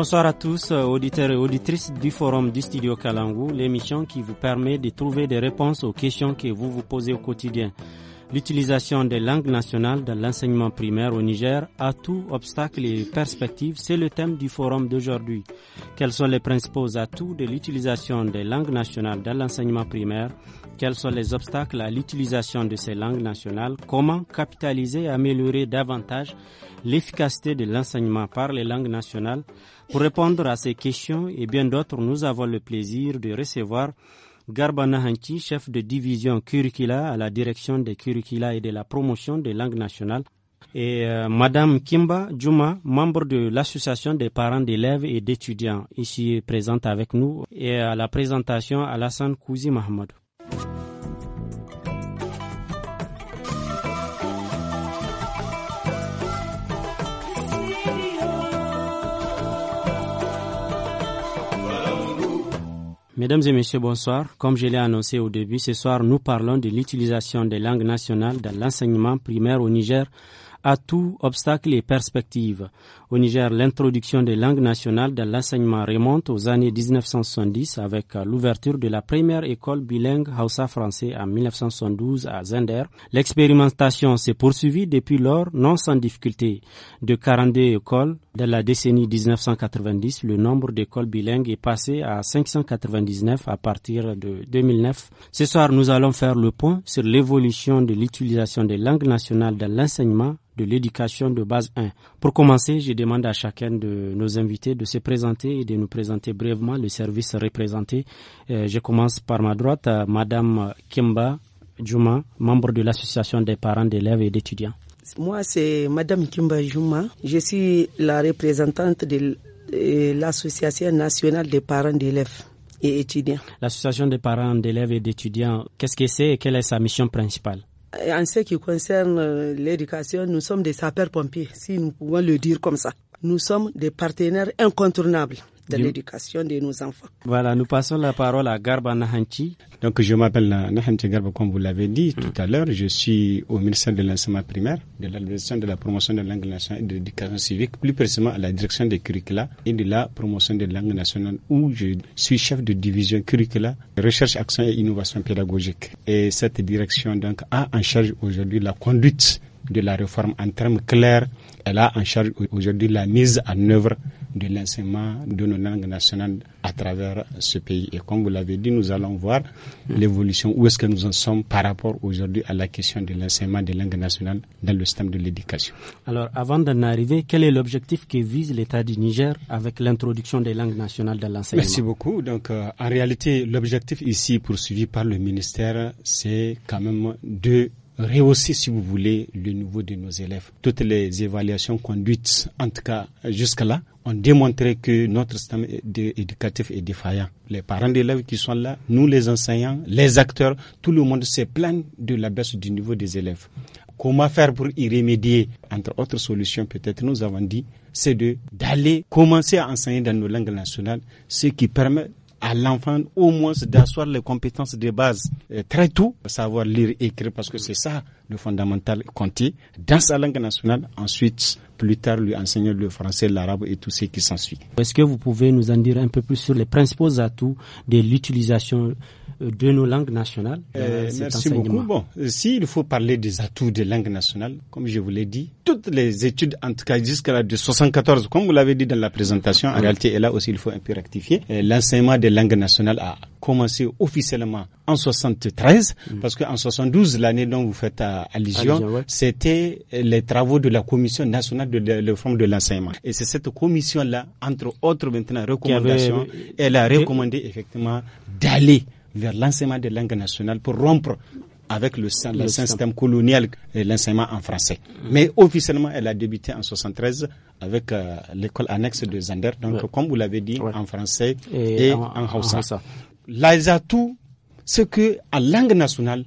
Bonsoir à tous, euh, auditeurs et auditrices du Forum du Studio Kalangu, l'émission qui vous permet de trouver des réponses aux questions que vous vous posez au quotidien. L'utilisation des langues nationales dans l'enseignement primaire au Niger atouts, tout obstacle et perspectives, c'est le thème du forum d'aujourd'hui. Quels sont les principaux atouts de l'utilisation des langues nationales dans l'enseignement primaire Quels sont les obstacles à l'utilisation de ces langues nationales Comment capitaliser et améliorer davantage l'efficacité de l'enseignement par les langues nationales. Pour répondre à ces questions et bien d'autres, nous avons le plaisir de recevoir Garba Nahanti, chef de division curricula à la direction des curricula et de la promotion des langues nationales, et Mme euh, Madame Kimba Juma, membre de l'association des parents d'élèves et d'étudiants, ici présente avec nous, et à la présentation Alassane Kouzi Mahmoud. Mesdames et messieurs, bonsoir. Comme je l'ai annoncé au début, ce soir, nous parlons de l'utilisation des langues nationales dans l'enseignement primaire au Niger atouts, obstacles et perspectives. Au Niger, l'introduction des langues nationales dans l'enseignement remonte aux années 1970 avec l'ouverture de la première école bilingue Hausa-Français en 1972 à Zender. L'expérimentation s'est poursuivie depuis lors, non sans difficulté. De 42 écoles, dans la décennie 1990, le nombre d'écoles bilingues est passé à 599 à partir de 2009. Ce soir, nous allons faire le point sur l'évolution de l'utilisation des langues nationales dans l'enseignement de l'éducation de base 1. Pour commencer, je demande à chacun de nos invités de se présenter et de nous présenter brièvement le service représenté. Euh, je commence par ma droite, euh, Madame Kimba Juma, membre de l'association des parents d'élèves et d'étudiants. Moi, c'est Madame Kimba Juma. Je suis la représentante de euh, l'Association nationale des parents d'élèves et étudiants. L'association des parents d'élèves et d'étudiants, qu'est-ce que c'est et quelle est sa mission principale en ce qui concerne euh, l'éducation, nous sommes des sapeurs-pompiers, si nous pouvons le dire comme ça. Nous sommes des partenaires incontournables de l'éducation de nos enfants. Voilà, nous passons la parole à Garba Nahanti. Donc, je m'appelle Nahanti Garba, comme vous l'avez dit hmm. tout à l'heure. Je suis au ministère de l'enseignement primaire, de l'administration de la promotion de la langue nationale et de l'éducation civique, plus précisément à la direction des curricula et de la promotion de la langue nationale, où je suis chef de division curricula, recherche, action et innovation pédagogique. Et cette direction, donc, a en charge aujourd'hui la conduite de la réforme en termes clairs. Elle a en charge aujourd'hui la mise en œuvre de l'enseignement de nos langues nationales à travers ce pays. Et comme vous l'avez dit, nous allons voir l'évolution, où est-ce que nous en sommes par rapport aujourd'hui à la question de l'enseignement des langues nationales dans le système de l'éducation. Alors, avant d'en arriver, quel est l'objectif que vise l'État du Niger avec l'introduction des langues nationales dans l'enseignement Merci beaucoup. Donc, euh, en réalité, l'objectif ici poursuivi par le ministère, c'est quand même de rehausser, si vous voulez, le niveau de nos élèves. Toutes les évaluations conduites, en tout cas jusqu'à là ont démontré que notre système éducatif est défaillant. Les parents d'élèves qui sont là, nous les enseignants, les acteurs, tout le monde se plaint de la baisse du niveau des élèves. Comment faire pour y remédier Entre autres solutions, peut-être, nous avons dit, c'est d'aller commencer à enseigner dans nos langues nationales, ce qui permet à l'enfant au moins d'asseoir les compétences de base euh, très tôt, savoir lire et écrire parce que c'est ça le fondamental compter dans sa langue nationale, ensuite plus tard lui enseigner le français, l'arabe et tout ce qui s'ensuit. Est-ce que vous pouvez nous en dire un peu plus sur les principaux atouts de l'utilisation de nos langues nationales. Euh, merci beaucoup. Bon, s'il faut parler des atouts des langues nationales, comme je vous l'ai dit, toutes les études, en tout cas jusqu'à la de 74, comme vous l'avez dit dans la présentation, en réalité, et là aussi il faut un peu rectifier, euh, l'enseignement des langues nationales a commencé officiellement en 73, mm. parce qu'en 72, l'année dont vous faites euh, allusion, c'était euh, les travaux de la Commission nationale de, le de, de l'enseignement. Et c'est cette commission-là, entre autres maintenant recommandations, elle a recommandé effectivement d'aller vers l'enseignement des langues nationales pour rompre avec le, système colonial et l'enseignement en français. Mais officiellement, elle a débuté en 73 avec euh, l'école annexe de Zander, donc comme vous l'avez dit, en français et, en, en, Hausa. Les atouts, c'est que à langue nationale,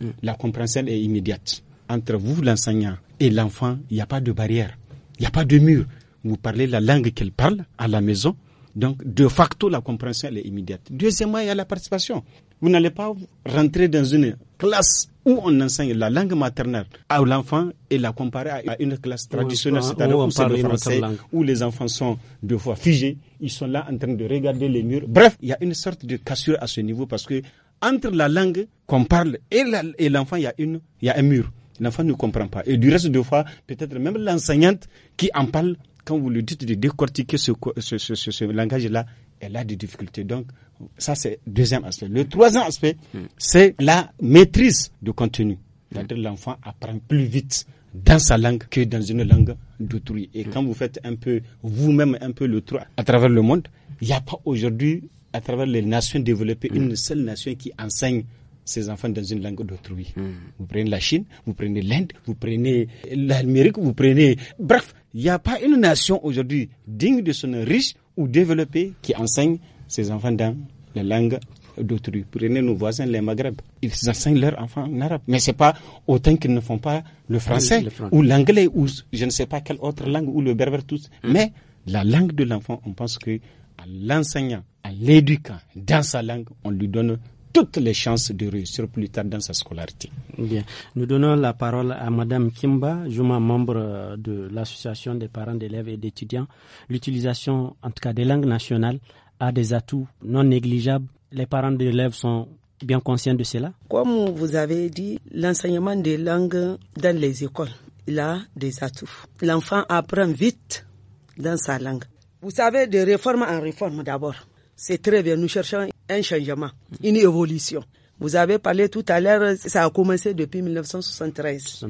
mm. la compréhension est immédiate. Entre vous, l'enseignant, et l'enfant, il n'y a pas de barrière, il n'y a pas de mur. Vous parlez la langue qu'elle parle à la maison, donc, de facto, la compréhension, est immédiate. Deuxièmement, il y a la participation. Vous n'allez pas rentrer dans une classe où on enseigne la langue maternelle à l'enfant et la comparer à une classe traditionnelle, c'est-à-dire où, le français, où les enfants sont deux fois figés, ils sont là en train de regarder les murs. Bref, il y a une sorte de cassure à ce niveau parce que entre la langue qu'on parle et l'enfant, il y a une, il y a un mur l'enfant ne comprend pas. Et du reste, deux fois, peut-être même l'enseignante qui en parle quand vous lui dites de décortiquer ce, ce, ce, ce langage-là, elle a des difficultés. Donc, ça, c'est le deuxième aspect. Le troisième aspect, hmm. c'est la maîtrise du contenu. cest à hmm. l'enfant apprend plus vite dans sa langue que dans une langue d'autrui. Et hmm. quand vous faites un peu, vous-même un peu le trois à travers le monde, il n'y a pas aujourd'hui, à travers les nations développées, une seule nation qui enseigne ses enfants dans une langue d'autrui. Vous prenez la Chine, vous prenez l'Inde, vous prenez l'Amérique, vous prenez... Bref, il n'y a pas une nation aujourd'hui digne de son riche ou développé qui enseigne ses enfants dans la langue d'autrui. Prenez nos voisins, les Maghreb. Ils enseignent leurs enfants en arabe. Mais c'est pas autant qu'ils ne font pas le français, ou l'anglais ou je ne sais pas quelle autre langue ou le berbère tous. Mm. Mais la langue de l'enfant, on pense que à l'enseignant, à l'éducant, dans sa langue, on lui donne toutes les chances de réussir plus tard dans sa scolarité. Bien. Nous donnons la parole à Madame Kimba, Juma, membre euh, de l'Association des parents d'élèves et d'étudiants. L'utilisation, en tout cas, des langues nationales a des atouts non négligeables. Les parents d'élèves sont bien conscients de cela Comme vous avez dit, l'enseignement des langues dans les écoles, il a des atouts. L'enfant apprend vite dans sa langue. Vous savez, de réforme en réforme d'abord. C'est très bien. Nous cherchons un changement, une évolution. Vous avez parlé tout à l'heure, ça a commencé depuis 1973.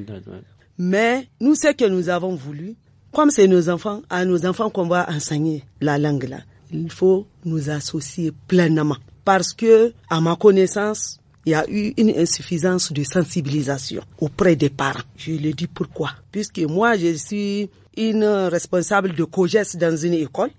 Mais nous, ce que nous avons voulu, comme c'est nos enfants, à nos enfants qu'on va enseigner la langue là, il faut nous associer pleinement. Parce que, à ma connaissance, il y a eu une insuffisance de sensibilisation auprès des parents. Je le dis pourquoi. Puisque moi, je suis une responsable de COGES dans une école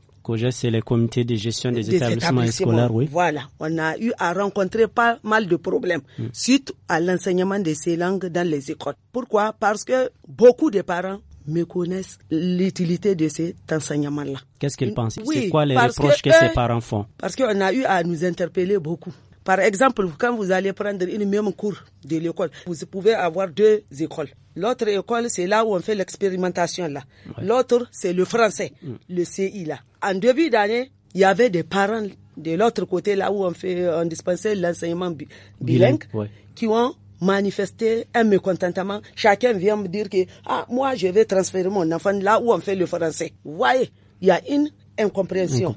c'est le comité de gestion des, établissements, scolaires. Oui. Voilà, on a eu à rencontrer pas mal de problèmes mm. suite à l'enseignement de ces langues dans les écoles. Pourquoi Parce que beaucoup de parents connaissent l'utilité de cet enseignement-là. Qu'est-ce qu'ils pensent C'est quoi les reproches que, ces parents font Parce qu'on a eu à nous interpeller beaucoup. Par exemple, quand vous allez prendre une même cours de l'école, vous pouvez avoir deux écoles. L'autre école, c'est là où on fait l'expérimentation là. L'autre, c'est le français, mm. le CI là. En début d'année, il y avait des parents de l'autre côté là où on fait, on dispensait l'enseignement bilingue, qui ont manifesté un mécontentement. Chacun vient me dire que ah moi je vais transférer mon enfant là où on fait le français. Vous voyez, il y a une incompréhension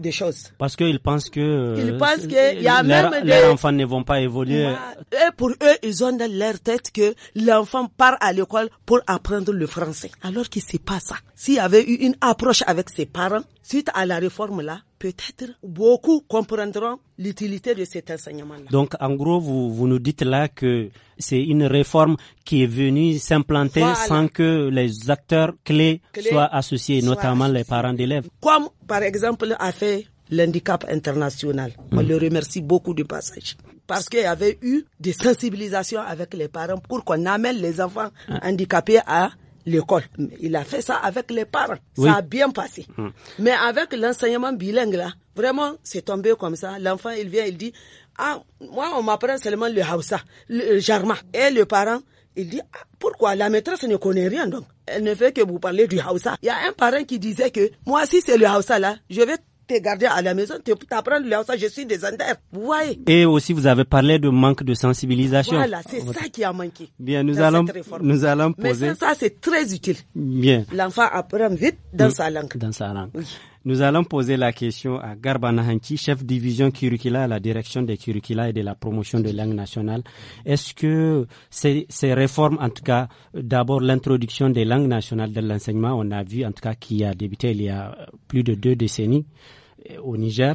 des choses. Parce qu'ils pensent que. Euh, ils pensent que y a leurs enfants ne vont pas évoluer. Et pour eux, ils ont dans leur tête que l'enfant part à l'école pour apprendre le français. Alors que c'est pas ça. S'il y avait eu une approche avec ses parents, suite à la réforme là, peut-être beaucoup comprendront l'utilité de cet enseignement-là. Donc, en gros, vous, vous nous dites là que c'est une réforme qui est venue s'implanter sans que les acteurs clés, soient associés, notamment les parents d'élèves. Comme, par exemple, a fait l'handicap international. On hmm. le remercie beaucoup du passage. Parce qu'il y avait eu des sensibilisations avec les parents pour qu'on amène les enfants ah. handicapés à l'école. Il a fait ça avec les parents. Ça a bien passé. Mm. Mais avec l'enseignement bilingue, là, vraiment, c'est tombé comme ça. L'enfant, il vient, il dit, ah, moi, on m'apprend seulement le Hausa, le Jarma. Et le parent, il dit, ah, pourquoi la maîtresse ne connaît rien donc Elle ne fait que vous parler du Hausa. Il y a un parent qui disait que moi, si c'est le Hausa là, je vais à la maison, je suis Et aussi, vous avez parlé de manque de sensibilisation. Voilà, c'est ça qui a manqué. Bien, nous allons, nous allons poser. Mais ça, c'est très utile. Bien. L'enfant apprend vite dans sa langue. Dans sa langue. Nous allons poser la question à Garba chef division curricula à la direction des curricula et de la promotion de langue nationale. Est-ce que ces, ces, réformes, en tout cas, d'abord l'introduction des langues nationales dans l'enseignement, on a vu en tout cas qui a débuté il y a plus de deux décennies, euh, au Niger.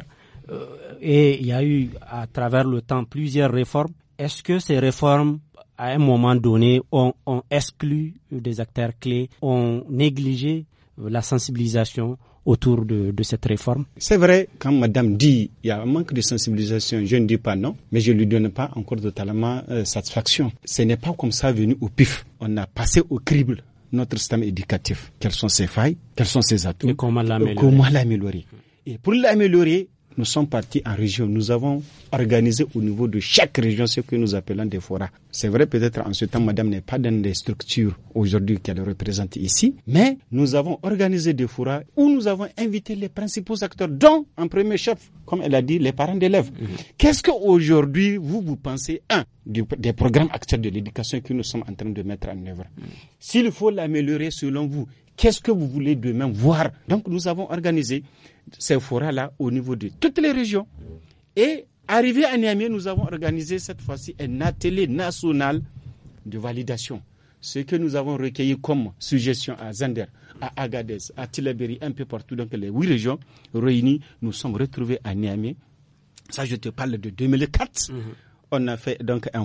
Euh, et il y a eu à travers le temps plusieurs réformes. Est-ce que ces réformes à un moment donné, ont exclu des acteurs clés, ont négligé la sensibilisation autour de, cette réforme C'est vrai, quand Madame dit qu'il y a un manque de sensibilisation, je ne dis pas non, mais je ne lui donne pas encore totalement euh, satisfaction. Ce n'est pas comme ça venu au pif. On a passé au crible notre système éducatif. Quelles sont ses failles Quels sont ses atouts Et comment l'améliorer et pour l'améliorer, nous sommes partis en région. Nous avons organisé au niveau de chaque région ce que nous appelons des forats. C'est vrai, peut-être en ce temps, madame n'est pas dans les structures aujourd'hui qu'elle représente ici, mais nous avons organisé des forats où nous avons invité les principaux acteurs, dont, en premier chef, comme elle a dit, les parents d'élèves. Mhm. Qu'est-ce qu'aujourd'hui, vous, vous pensez, un, des programmes acteurs de l'éducation que nous sommes en train de mettre en œuvre mhm. S'il faut l'améliorer selon vous, qu'est-ce que vous voulez demain voir Donc, nous avons organisé ces forats-là au niveau de toutes les régions. Et arrivé à Niamey, nous avons organisé cette fois-ci un atelier national de validation. Ce que nous avons recueilli comme suggestion à Zander, à Agadez, à Tilaberi, un peu partout, donc les huit régions réunies, nous sommes retrouvés à Niamey. Ça, je te parle de 2004. Mhm. On a fait donc un,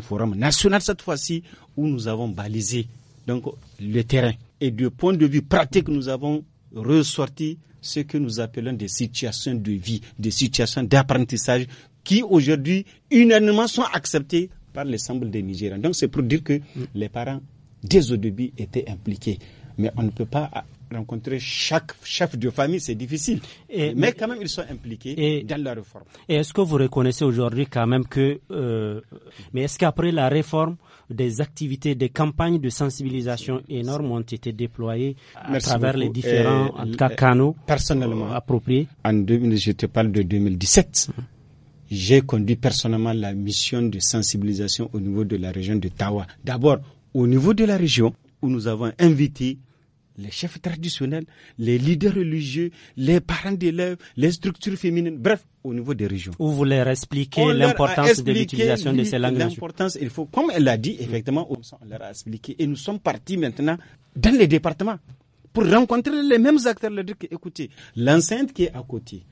forum national cette fois-ci où nous avons balisé donc le terrain. Et du point de vue pratique, nous avons ressorti ce que nous appelons des situations de vie, des situations d'apprentissage qui aujourd'hui unanimement sont acceptées par l'ensemble des Nigériens. Donc c'est pour dire que mm. les parents, dès au début, étaient impliqués. Mais on ne peut pas rencontrer chaque chef de famille, c'est difficile. Et, mais, quand même, ils sont impliqués dans la réforme. Et est-ce que vous reconnaissez aujourd'hui quand même que... Euh, mais est-ce qu'après la réforme, des activités, des campagnes de sensibilisation énormes ont été déployées à travers les différents canaux euh, personnellement, appropriés En je te parle de 2017. J'ai conduit personnellement la mission de sensibilisation au niveau de la région de Tawa. D'abord, au niveau de la région, où nous avons invité les chefs traditionnels, les leaders religieux, les parents d'élèves, les structures féminines, bref, au niveau des régions. Où vous leur expliquer l'importance de l'utilisation de ces langues L'importance, il faut, comme elle l'a dit, effectivement, on leur a expliqué. Et nous sommes partis maintenant dans les départements pour rencontrer les mêmes acteurs, leur dire écoutez, l'enceinte qui est à côté,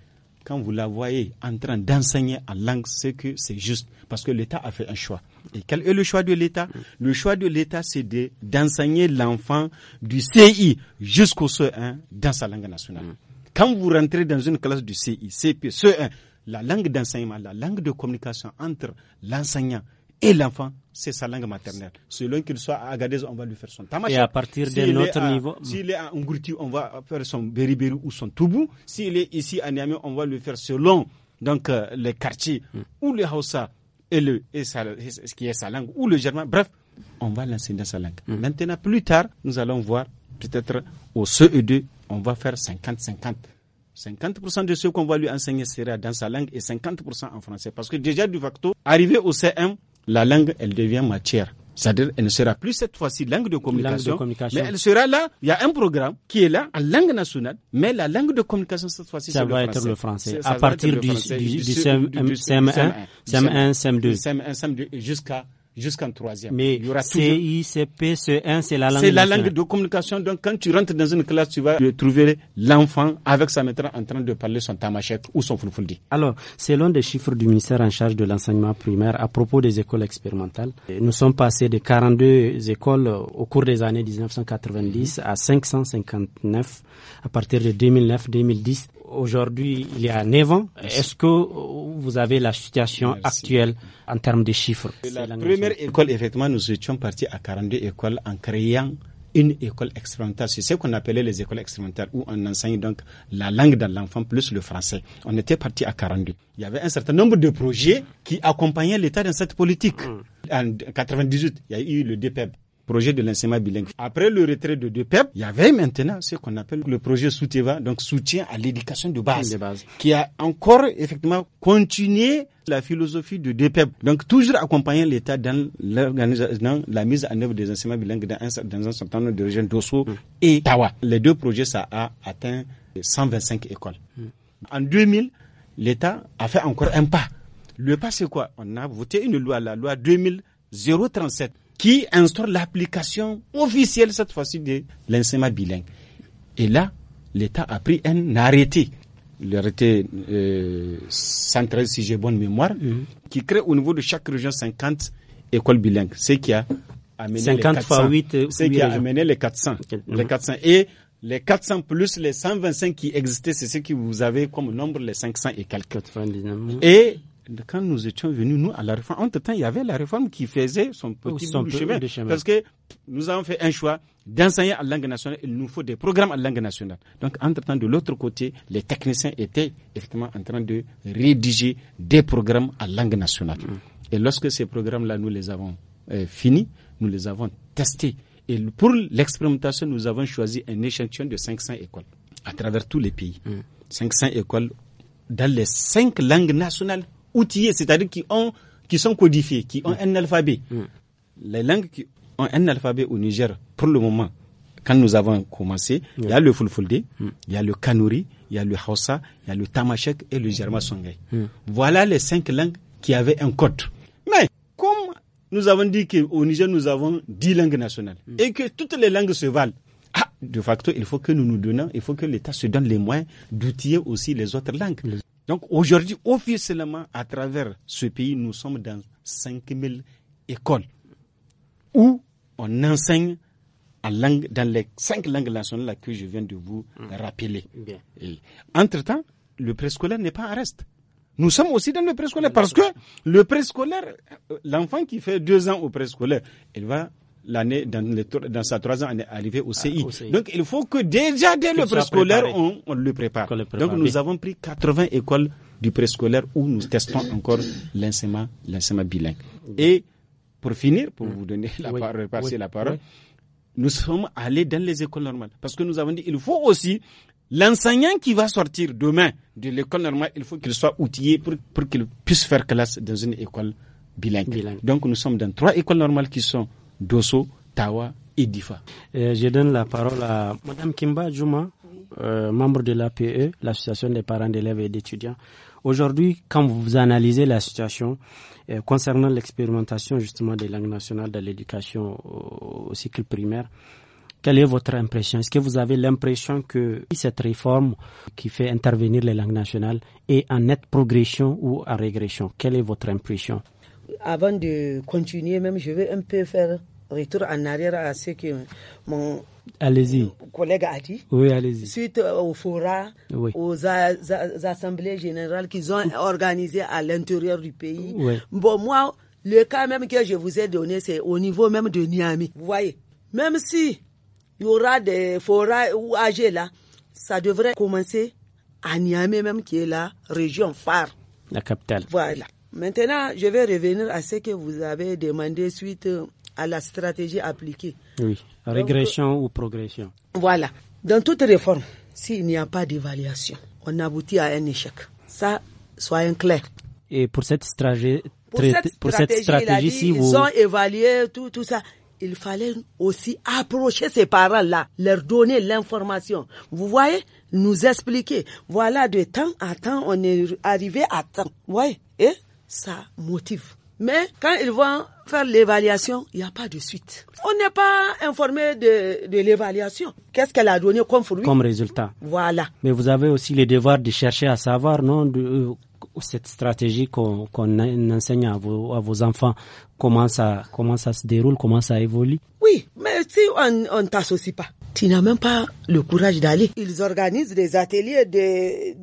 quand vous la voyez en train d'enseigner en langue, c'est que c'est juste, parce que l'État a fait un choix. Et quel est le choix de l'État Le choix de l'État, c'est d'enseigner l'enfant du CI jusqu'au CE1 dans sa langue nationale. Quand vous rentrez dans une classe du CI, CP, CE1, la langue d'enseignement, la langue de communication entre l'enseignant et l'enfant, c'est sa langue maternelle. Selon qu'il soit à Agadez, on va lui faire son tamaché. Et à partir d'un autre niveau S'il est à Ngurti, on va faire son beriberi ou son toubou. S'il est ici à Niamey, on va lui faire selon donc, euh, les quartiers hmm. ou le Hausa et, le, et ce qui est sa langue, ou le germain. Bref, on va l'enseigner dans sa langue. Hmm. Maintenant, plus tard, nous allons voir, peut-être au CE2, on va faire 50-50. 50% de ce qu'on va lui enseigner sera dans sa langue et 50% en français. Parce que déjà, du facto, arrivé au CM, la langue, elle devient matière. C'est-à-dire, elle ne sera plus cette fois-ci langue, de, communication, mais elle sera là. Il y a un programme qui est là en langue nationale, mais la langue de communication cette fois-ci, c'est le, français. Ça va être le français. À partir du, CM, 1 CM1, CM2. CM1, CM2 jusqu'à jusqu'en troisième. Mais il y c c 1 c'est la langue. C'est la langue de communication. Donc, quand tu rentres dans une classe, tu vas trouver l'enfant avec sa maîtresse en train de parler son tamashek ou son fulfuldi. Alors, selon des chiffres du ministère en charge de l'enseignement primaire, à propos des écoles expérimentales, nous sommes passés de 42 écoles euh, au cours des années 1990 à 559 à partir de 2009-2010 aujourd'hui il y a 9 ans. Est-ce que vous avez la situation actuelle en termes de chiffres La première école, effectivement, nous étions partis à 42 écoles en créant une école expérimentale. C'est ce qu'on appelait les écoles expérimentales où on enseigne donc la langue dans l'enfant plus le français. On était parti à 42. Il y avait un certain nombre de projets qui accompagnaient l'État dans cette politique. Mm. En 98, il y a eu le DPEB projet de l'enseignement bilingue. Après le retrait de Depep, il y avait maintenant ce qu'on appelle le projet Souteva, donc soutien à l'éducation de base, qui a encore effectivement continué la philosophie de Depep. Donc, toujours accompagner l'État dans, la mise en œuvre des enseignements bilingues dans un, certain nombre de régions d'Osso mm. et Tawa. Les deux projets, ça a atteint 125 écoles. Mm. En 2000, l'État a fait encore un pas. Le pas, c'est quoi On a voté une loi, la loi 2000. 037 qui instaure l'application officielle cette fois-ci de l'enseignement bilingue. Et là, l'État a pris un arrêté, l'arrêté euh, si j'ai bonne mémoire, mhm. qui crée au niveau de chaque région 50 écoles bilingues, ce qui a amené les 400, euh, qui a amené les 400, les 400 mhm. et les 400 plus les 125 qui existaient, c'est ce que vous avez comme nombre les 500 et quelques. Et quand nous étions venus, nous, à la réforme, entre-temps, il y avait la réforme qui faisait son petit de chemin, Parce que nous avons fait un choix d'enseigner en langue nationale. Il nous faut des programmes en langue nationale. Donc, entre-temps, de l'autre côté, les techniciens étaient effectivement en train de rédiger des programmes en langue nationale. Mm. Et lorsque ces programmes-là, nous les avons euh, finis, nous les avons testés. Et pour l'expérimentation, nous avons choisi un échantillon de 500 écoles à travers tous les pays. 500 mm. écoles dans les cinq langues nationales outillés, c'est-à-dire qui, qui sont codifiés, qui ont mm. un alphabet. Mm. Les langues qui ont un alphabet au Niger, pour le moment, quand nous avons commencé, il y a mm. le Fulfulde, il y a le Kanuri, il y a le Hausa, il y a le Tamashek et le Germa Songay. Voilà les cinq langues qui avaient un code. Mais comme nous avons dit qu'au Niger, nous avons dix langues nationales et que toutes les langues se valent, ah, de facto, il faut que nous nous donnons, il faut que l'État se donne les moyens d'outiller aussi les autres langues. Donc aujourd'hui, officiellement, à travers ce pays, nous sommes dans 5000 écoles où on enseigne langue, dans les cinq langues nationales que je viens de vous mm. rappeler. Entre-temps, le préscolaire n'est pas à reste. Nous sommes aussi dans le préscolaire parce que le préscolaire, euh, l'enfant qui fait deux ans au préscolaire, il va l'année, dans, dans, sa troisième année, arrivée au ah, CI. au CI. Donc, il faut que déjà dès le préscolaire, on, on, le prépare. Donc, nous avons pris 80 écoles du préscolaire où nous testons encore l'enseignement, l'enseignement bilingue. Et pour finir, pour mm. vous donner la parole, la parole, nous sommes allés dans les écoles normales parce que nous avons dit, il faut aussi L'enseignant qui va sortir demain de l'école normale, il faut qu'il soit outillé pour, qu'il puisse faire classe dans une école bilingue. Donc nous sommes dans trois écoles normales qui sont Dosso, Tawa et Difa. Euh, je donne la parole à Madame Kimba Juma, euh, membre de l'APE, l'Association des parents d'élèves et d'étudiants. Aujourd'hui, quand vous analysez la situation euh, concernant l'expérimentation justement des langues nationales dans l'éducation au, cycle primaire, quelle est votre impression Est-ce que vous avez l'impression que cette réforme qui fait intervenir les langues nationales est en nette progression ou en régression Quelle est votre impression Avant de continuer, même, je vais un peu faire retour en arrière à ce que mon collègue a dit. Oui, allez-y. Suite aux forats, aux assemblées générales qu'ils ont organisées à l'intérieur du pays. Bon, moi, le cas même que je vous ai donné, c'est au niveau même de Niamey. Vous voyez, même si il y aura des forats ou âgés là, ça devrait commencer à Niamey même qui est la région phare. La capitale. Voilà. Maintenant, je vais revenir à ce que vous avez demandé suite à la stratégie appliquée. Oui, régression ou progression. Voilà. Dans toute réforme, s'il n'y a pas d'évaluation, on aboutit à un échec. Ça, soyez clair. Et pour cette, stratégie, pour cette pour stratégie, cette stratégie si ils vous... ont évalué tout, tout ça. Il fallait aussi approcher ces parents-là, leur donner l'information. Vous voyez, nous expliquer. Voilà, de temps à temps, on est arrivé à temps. Vous voyez, et ça motive. Mais quand ils vont faire l'évaluation, il n'y a pas de suite. On n'est pas informé de, de l'évaluation. Qu'est-ce qu'elle a donné comme fruit Comme résultat. Voilà. Mais vous avez aussi le devoir de chercher à savoir, non de, euh, cette stratégie qu'on enseigne à vos, à vos, enfants, comment ça, comment ça se déroule, comment ça évolue Oui, mais si on ne t'associe pas, tu n'as même pas le courage d'aller. Ils organisent des ateliers, des,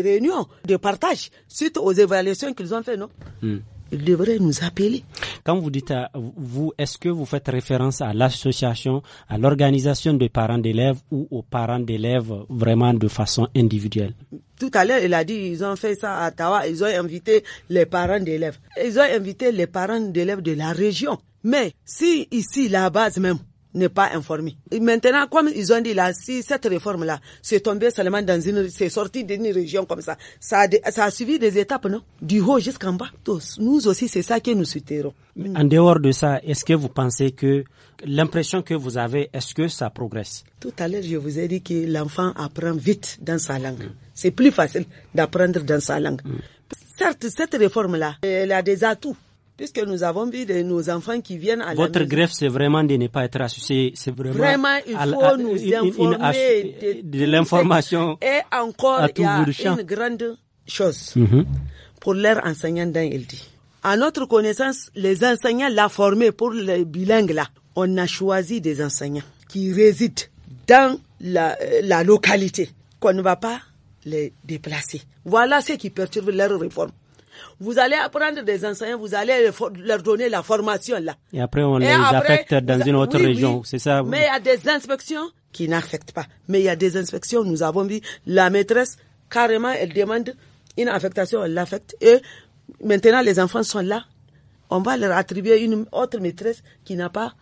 réunions, des, réunions suite aux évaluations qu'ils ont faites, non hmm devrait nous appeler. Quand vous dites à vous, est-ce que vous faites référence à l'association, à l'organisation des parents d'élèves ou aux parents d'élèves vraiment de façon individuelle Tout à l'heure, il a dit, ils ont fait ça à Tawa, ils ont invité les parents d'élèves. Ils ont invité les parents d'élèves de la région. Mais si ici, la base même, n'est pas informé. maintenant, comme ils ont dit là, si cette réforme-là s'est tombée seulement dans une, c'est sorti d'une région comme ça, ça a, ça a suivi des étapes, non? Du haut jusqu'en bas. Tous. Nous aussi, c'est ça que nous soutenons. En dehors de ça, est-ce que vous pensez que l'impression que vous avez, est-ce que ça progresse? Tout à l'heure, je vous ai dit que l'enfant apprend vite dans sa langue. C'est plus facile d'apprendre dans sa langue. Mm. Certes, cette réforme-là, elle a des atouts puisque nous avons vu de nos enfants qui viennent à Votre grève greffe, c'est vraiment de ne pas être associé. C'est vraiment. Vraiment, il faut nous informer de, l'information. Et encore, il y a une grande chose mhm. pour leurs enseignants dans LD. À notre connaissance, les enseignants l'a formé pour le bilingue là. On a choisi des enseignants qui résident dans la, euh, la localité, qu'on ne va pas les déplacer. Voilà ce qui perturbe leur réforme. Vous allez apprendre des enseignants, vous allez leur donner la formation là. Et après, on les affecte dans une autre région, c'est ça Mais il y a des inspections qui n'affectent pas. Mais il y a des inspections, nous avons vu, la maîtresse, carrément, elle demande une affectation, elle l'affecte. Et maintenant, les enfants sont là. On va leur attribuer une autre maîtresse qui n'a pas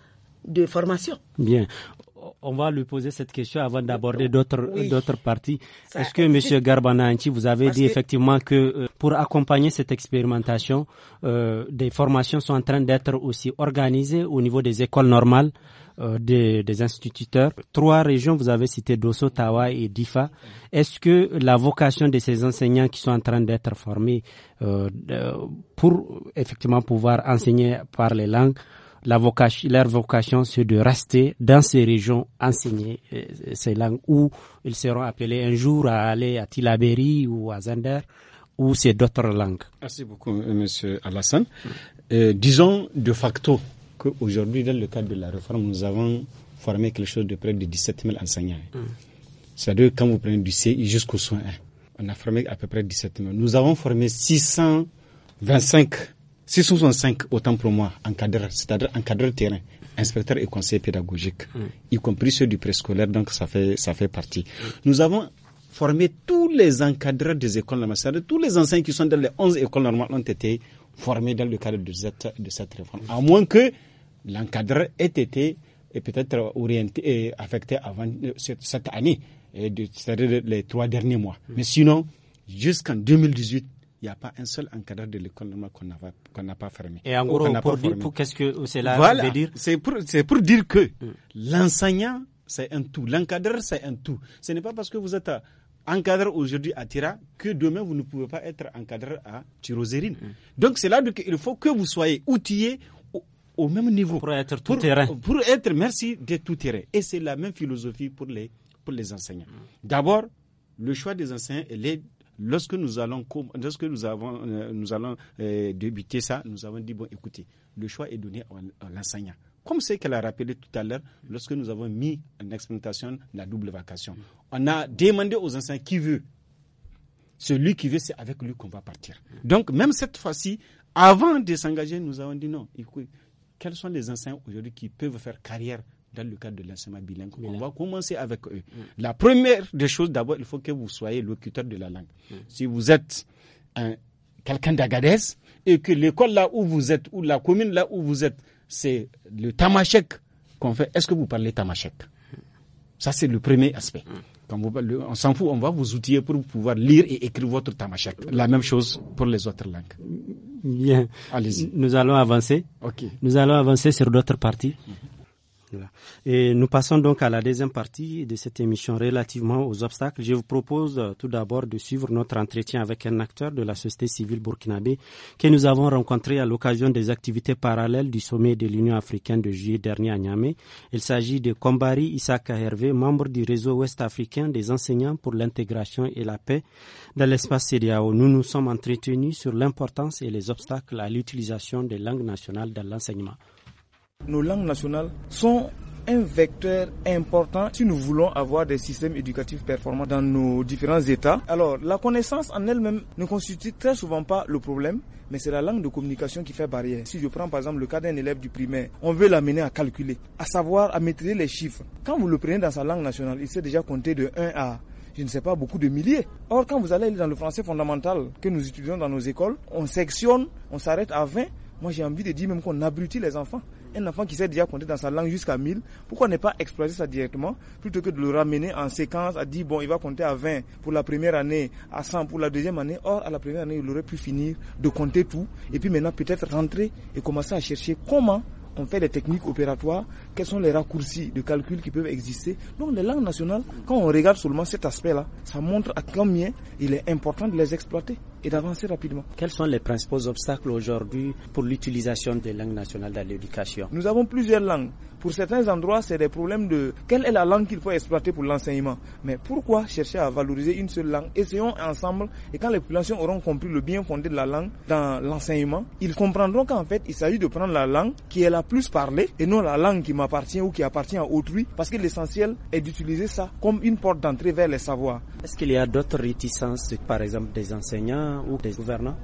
de formation. Bien on va lui poser cette question avant d'aborder d'autres d'autres parties. Est-ce que euh, Monsieur Garbananti, vous avez dit effectivement que, euh, pour accompagner cette expérimentation, euh, des formations sont en train d'être aussi organisées au niveau des écoles normales. des, instituteurs. Trois régions, vous avez cité Dosso, Tawa et Difa. Est-ce que la vocation de ces enseignants qui sont en train d'être formés pour effectivement pouvoir enseigner par les langues vocation, leur vocation, c'est de rester dans ces régions, enseigner euh, ces langues où ils seront appelés un jour à aller à Tilaberi ou à Zander ou c'est d'autres langues. Merci beaucoup, euh, Monsieur Alassane. Euh, disons de facto qu'aujourd'hui, dans le cadre de la réforme, nous avons formé quelque chose de près de 17 000 enseignants. Hum. C'est-à-dire, quand vous prenez du CI jusqu'au soin, on a formé à peu près 17 000. Nous avons formé 625 665, autant pour moi, encadreurs, c'est-à-dire encadreurs terrain, inspecteurs et conseillers pédagogiques, mm. y compris ceux du préscolaire, donc ça fait, ça fait partie. Nous avons formé tous les encadreurs des écoles normales, c'est-à-dire tous les enseignants qui sont dans les 11 écoles normales ont été formés dans le cadre de cette, de cette réforme. À moins que l'encadreur ait été peut-être orienté et affecté avant euh, cette année, c'est-à-dire les trois derniers mois. Mm. Mais sinon, jusqu'en 2018, il n'y a pas un seul encadreur de l'économie qu'on n'a pas, fermé. Et en gros, pour, qu'est-ce que cela veut dire C'est pour, dire que mm. l'enseignant, c'est un tout. L'encadreur, c'est un tout. Ce n'est pas parce que vous êtes encadreur aujourd'hui à Tira que demain, vous ne pouvez pas être encadreur à Tirozérine. Mm. Donc, c'est là qu'il faut que vous soyez outillé au, même niveau. Pour être tout terrain. Pour être, merci, de tout terrain. Et c'est la même philosophie pour les, pour les enseignants. Mm. D'abord, le choix des enseignants est Lorsque nous allons, lorsque nous avons, euh, nous allons euh, débuter ça, nous avons dit, bon, écoutez, le choix est donné à, l'enseignant. Comme c'est qu'elle a rappelé tout à l'heure, lorsque nous avons mis en expérimentation la double vacation, on a demandé aux enseignants qui veut. Celui qui veut, c'est avec lui qu'on va partir. Donc, même cette fois-ci, avant de s'engager, nous avons dit non. écoutez, quels sont les enseignants aujourd'hui qui peuvent faire carrière dans le cadre de l'enseignement bilingue. On va commencer avec eux. Mm. La première des choses, d'abord, il faut que vous soyez locuteur de la langue. Mm. Si vous êtes quelqu'un d'Agadez et que l'école là où vous êtes, ou la commune là où vous êtes, c'est le tamashek qu'on fait, est-ce que vous parlez tamashek ça, c'est le premier aspect. Mm. Quand on s'en fout, on va vous outiller pour pouvoir lire et écrire votre tamashek. La même chose pour les autres langues. Bien. Allez-y. Nous allons avancer. OK. Nous allons avancer sur d'autres parties. Mm-hmm. Et nous passons donc à la deuxième partie de cette émission relativement aux obstacles. Je vous propose euh, tout d'abord de suivre notre entretien avec un acteur de la société civile burkinabé que nous avons rencontré à l'occasion des activités parallèles du sommet de l'Union africaine de juillet dernier à Niamey. Il s'agit de Kombari Isaka Hervé, membre du réseau ouest-africain des enseignants pour l'intégration et la paix dans l'espace CDAO. Nous nous sommes entretenus sur l'importance et les obstacles à l'utilisation des langues nationales dans l'enseignement. Nos langues nationales sont un vecteur important si nous voulons avoir des systèmes éducatifs performants dans nos différents États. Alors, la connaissance en elle-même ne constitue très souvent pas le problème, mais c'est la langue de communication qui fait barrière. Si je prends par exemple le cas d'un élève du primaire, on veut l'amener à calculer, à savoir, à maîtriser les chiffres. Quand vous le prenez dans sa langue nationale, il sait déjà compter de 1 à je ne sais pas, beaucoup de milliers. Or, quand vous allez dans le français fondamental que nous étudions dans nos écoles, on sectionne, on s'arrête à 20. Moi, j'ai envie de dire même qu'on abrutit les enfants un enfant qui sait déjà compter dans sa langue jusqu'à 1000, pourquoi ne pas exploiter ça directement plutôt que de le ramener en séquence à dire, bon, il va compter à 20 pour la première année, à 100 pour la deuxième année. Or, à la première année, il aurait pu finir de compter tout et puis maintenant peut-être rentrer et commencer à chercher comment on fait les techniques opératoires, quels sont les raccourcis de calcul qui peuvent exister. Donc les langues nationales, quand on regarde seulement cet aspect-là, ça montre à combien il est important de les exploiter et d'avancer rapidement. Quels sont les principaux obstacles aujourd'hui pour l'utilisation des langues nationales dans l'éducation Nous avons plusieurs langues. Pour certains endroits, c'est des problèmes de quelle est la langue qu'il faut exploiter pour l'enseignement. Mais pourquoi chercher à valoriser une seule langue Essayons ensemble et quand les populations auront compris le bien fondé de la langue dans l'enseignement, ils comprendront qu'en fait, il s'agit de prendre la langue qui est la plus parlée et non la langue qui m'appartient ou qui appartient à autrui parce que l'essentiel est d'utiliser ça comme une porte d'entrée vers les savoirs. Est-ce qu'il y a d'autres réticences, par exemple des enseignants ou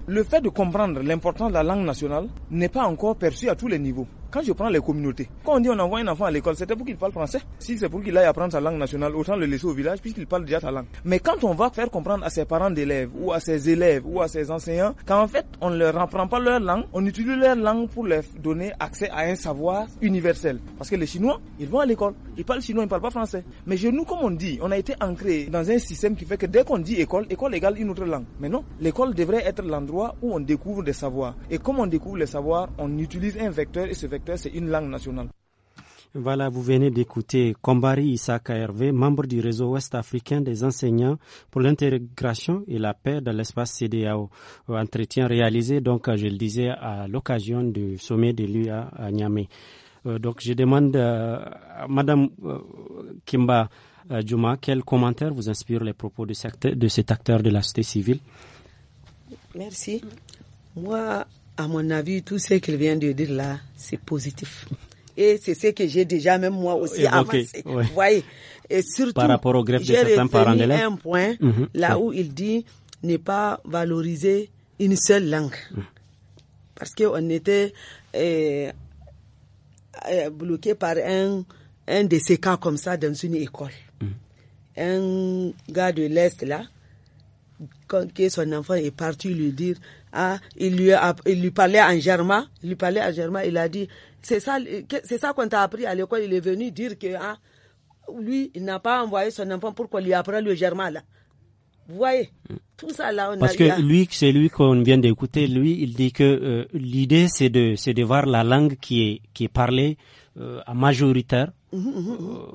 Le fait de comprendre l'importance de la langue nationale n'est pas encore perçu à tous les niveaux. Quand je prends les communautés, quand on dit on envoie un enfant à l'école, c'était pour qu'il parle français. Si c'est pour qu'il aille apprendre sa langue nationale, autant le laisser au village puisqu'il parle déjà sa langue. Mais quand on va faire comprendre à ses parents d'élèves ou à ses élèves ou à ses enseignants qu'en fait on ne leur apprend pas leur langue, on utilise leur langue pour leur donner accès à un savoir universel. Parce que les Chinois, ils vont à l'école, ils parlent chinois, ils parlent pas français. Mais nous, comme on dit, on a été ancré dans un système qui fait que dès qu'on dit école, école égale une autre langue. Mais non, l'école devrait être l'endroit où on découvre des savoirs. Et comme on découvre les savoirs, on utilise un vecteur et ce vecteur c'est une langue nationale. Voilà, vous venez d'écouter Kombari Issa Hervé, membre du réseau ouest-africain des enseignants pour l'intégration et la paix dans l'espace CDAO. Entretien réalisé, donc, je le disais, à l'occasion du sommet de l'UA à Niamey. Euh, donc, je demande euh, à Madame euh, Kimba Djuma, quel commentaire vous inspire les propos de, de cet acteur de la société civile Merci. Moi, à mon avis, tout ce qu'il vient de dire là, c'est positif. Et c'est ce que j'ai déjà, même moi aussi, avancé. voyez Et surtout, par rapport au greffe de certains parents un point mhm. là où il dit ne pas valoriser une seule langue. Mhm. parce Parce qu'on était euh, euh, bloqué par un, un de ces cas comme ça dans une école. Mhm. Un gars de l'Est, là, quand que son enfant est parti lui dire Hein, il, lui lui parlait en germain. Il lui parlait en germain. Il a dit, c'est ça, c'est ça qu'on t'a appris à l'école. Il est venu dire que hein, lui, il n'a pas envoyé son enfant pour qu'on lui apprenne le germain là. Vous voyez, tout ça là. Parce que lui, c'est lui qu'on vient d'écouter. Lui, il dit que euh, l'idée, c'est de, de voir la langue qui est, qui est parlée euh, majoritaire mmh, mmh, mmh,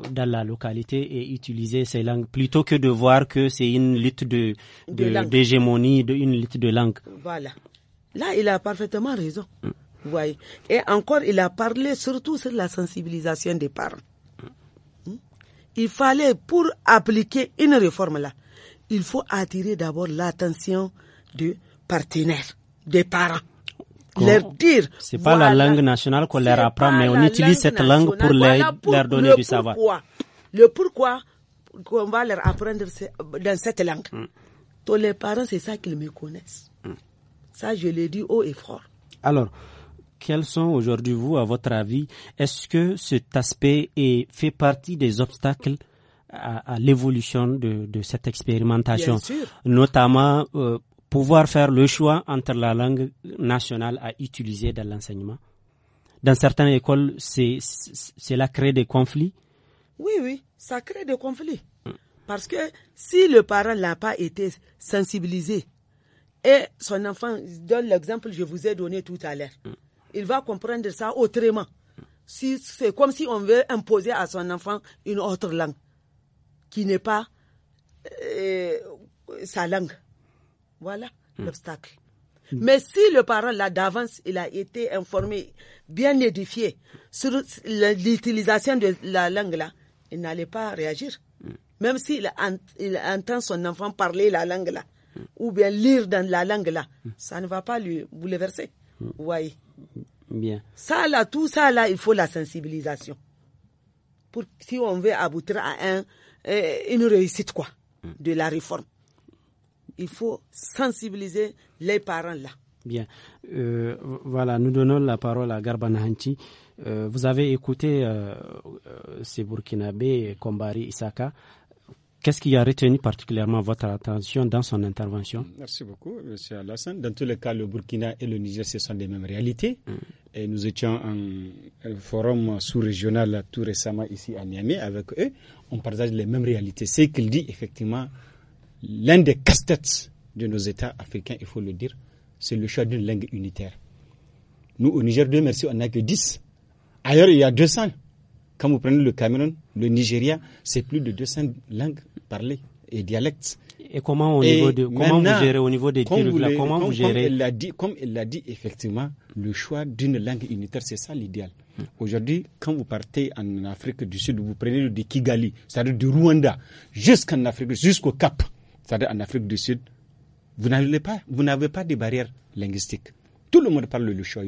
euh, dans la localité et utiliser ces langues plutôt que de voir que c'est une lutte de d'hégémonie, de, une lutte de langue. Voilà. Là, il a parfaitement raison. Et encore, il a parlé surtout sur la sensibilisation des parents. Il fallait, pour appliquer une réforme là, il faut attirer d'abord l'attention du partenaire, des parents leur dire. C'est pas la langue nationale qu'on leur apprend, mais on utilise cette langue pour leur donner du savoir. le pourquoi qu'on va leur apprendre dans cette langue. Mm. Tous les parents, c'est ça qu'ils me connaissent. Mm. Ça, je l'ai dis haut et fort. Alors, quels sont aujourd'hui, vous, à votre avis, est-ce que cet aspect est, fait partie des obstacles à, l'évolution de, cette expérimentation, notamment euh, pouvoir faire le choix entre la langue nationale à utiliser dans l'enseignement. Dans certaines écoles, cela crée des conflits. Oui, oui, ça crée des conflits. Parce que si le parent n'a pas été sensibilisé et son enfant donne l'exemple que je vous ai donné tout à l'heure, il va comprendre ça autrement. c'est comme si on veut imposer à son enfant une autre langue qui n'est pas euh, sa langue. Voilà hmm. l'obstacle. Hmm. Mais si le parent, là, d'avance, il a été informé, bien édifié sur l'utilisation de la langue, là, il n'allait pas réagir. Hmm. Même s'il entend son enfant parler la langue, là, ou bien lire dans la langue, là, ça ne va pas lui bouleverser. Oui. Bien. Ça, là, tout ça, là, il faut la sensibilisation. Pour, si on veut aboutir à un, euh, une réussite, quoi, de la réforme il faut sensibiliser les parents là. Bien. Euh, voilà, nous donnons la parole à Garban Hanchi. Euh, vous avez écouté euh, euh ces Burkinabés, Kombari, Isaka. Qu'est-ce qui a retenu particulièrement votre attention dans son intervention Merci beaucoup, M. Alassane. Dans tous les cas, le Burkina et le Niger, ce sont les mêmes réalités. Mm. Et nous étions en forum sous-régional tout récemment ici à Niamey avec eux. On partage les mêmes réalités. Ce qu'il dit, effectivement, l'un des casse-têtes de nos États africains, il faut le dire, c'est le choix d'une langue unitaire. Nous, au Niger, 2, merci, on n'a que 10. Ailleurs, il y a 200. Quand vous prenez le Cameroun, le Nigeria, c'est plus de 200 langues parlées et dialectes. Et comment, au niveau de, comment vous gérez au niveau des comme comment vous gérez comme il l'a dit, comme il l'a dit effectivement, le choix d'une langue unitaire, c'est ça l'idéal. Hmm. Aujourd'hui, quand vous partez en Afrique du Sud, vous prenez de Kigali, c'est-à-dire du Rwanda, jusqu'en Afrique, jusqu'au Cap, c'est-à-dire en Afrique du Sud, vous n'avez pas, vous n'avez pas de barrières linguistiques Tout le monde parle le Xhosa.